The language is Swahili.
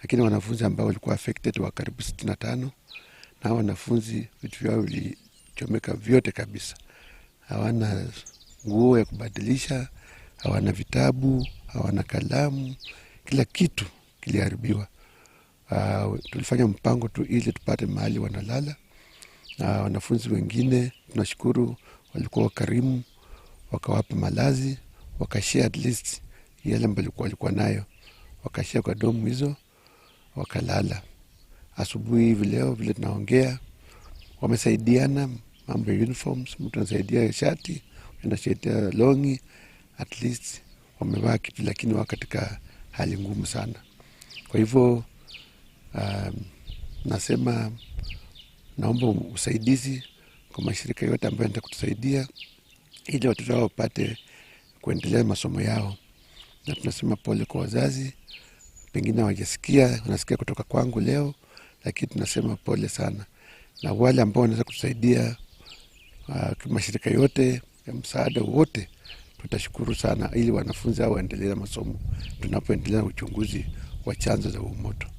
lakini wanafunzi ambao walikuwa affected wa karibu 65 na wanafunzi vitu vyao vilichomeka vyote kabisa, hawana nguo ya kubadilisha, hawana vitabu, hawana kalamu, kila kitu kiliharibiwa. Uh, tulifanya mpango tu ili tupate mahali wanalala na uh, wanafunzi wengine tunashukuru walikuwa wakarimu, wakawapa malazi, wakashea at least yale ambayo walikuwa nayo, wakashea kwa domu hizo wakalala. Asubuhi hivi leo vile tunaongea, wamesaidiana mambo ya uniforms, mtu anasaidia shati, anasaidia longi, at least wamevaa kitu, lakini wa katika hali ngumu sana. Kwa hivyo um, nasema naomba usaidizi kwa mashirika yote ambayo nataka kutusaidia ili watoto wao wapate kuendelea masomo yao, na tunasema pole kwa wazazi pengine hawajasikia, unasikia kutoka kwangu leo, lakini tunasema pole sana, na wale ambao wanaweza kutusaidia uh, mashirika yote ya msaada wote tutashukuru sana, ili wanafunzi hao waendelee na masomo tunapoendelea na uchunguzi wa chanzo za uu moto.